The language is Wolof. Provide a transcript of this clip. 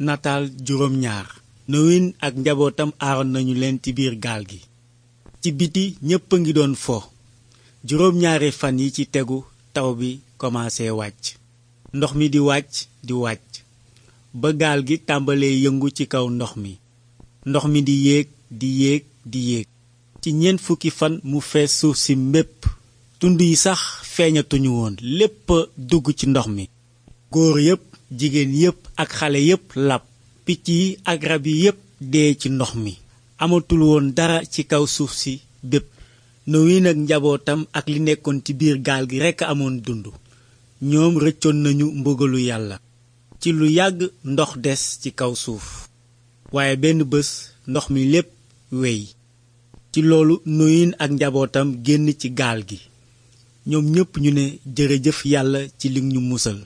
nataal juróom nowin ak njabootam aaroon nañu leen ci biir gaal gi ci biti ñépp a ngi doon fo juróom ñaari fan yi ci tegu taw bi commencé wàcc ndox mi di wàcc di wàcc ba gaal gi tàmbalee yëngu ci kaw ndox mi ndox mi di yéeg di yéeg di yéeg ci ñeent fukki fan mu fees suuf si mépp tund yi sax feeñatuñu woon lépp dugg ci ndox mi góor yépp jigéen yépp ak xale yépp lab picc yi ak rab yi yépp dee ci ndox mi amatul woon dara ci kaw suuf si bépp nowi nag njabootam ak li nekkoon ci biir gaal gi rekk amoon dund ñoom rëccoon nañu mbugalu yàlla ci lu yàgg ndox des ci kaw suuf waaye benn bés ndox mi lépp wey ci loolu noyin ak njabootam génn ci gaal gi ñoom ñépp ñu ne jërëjëf yàlla ci li ñu musal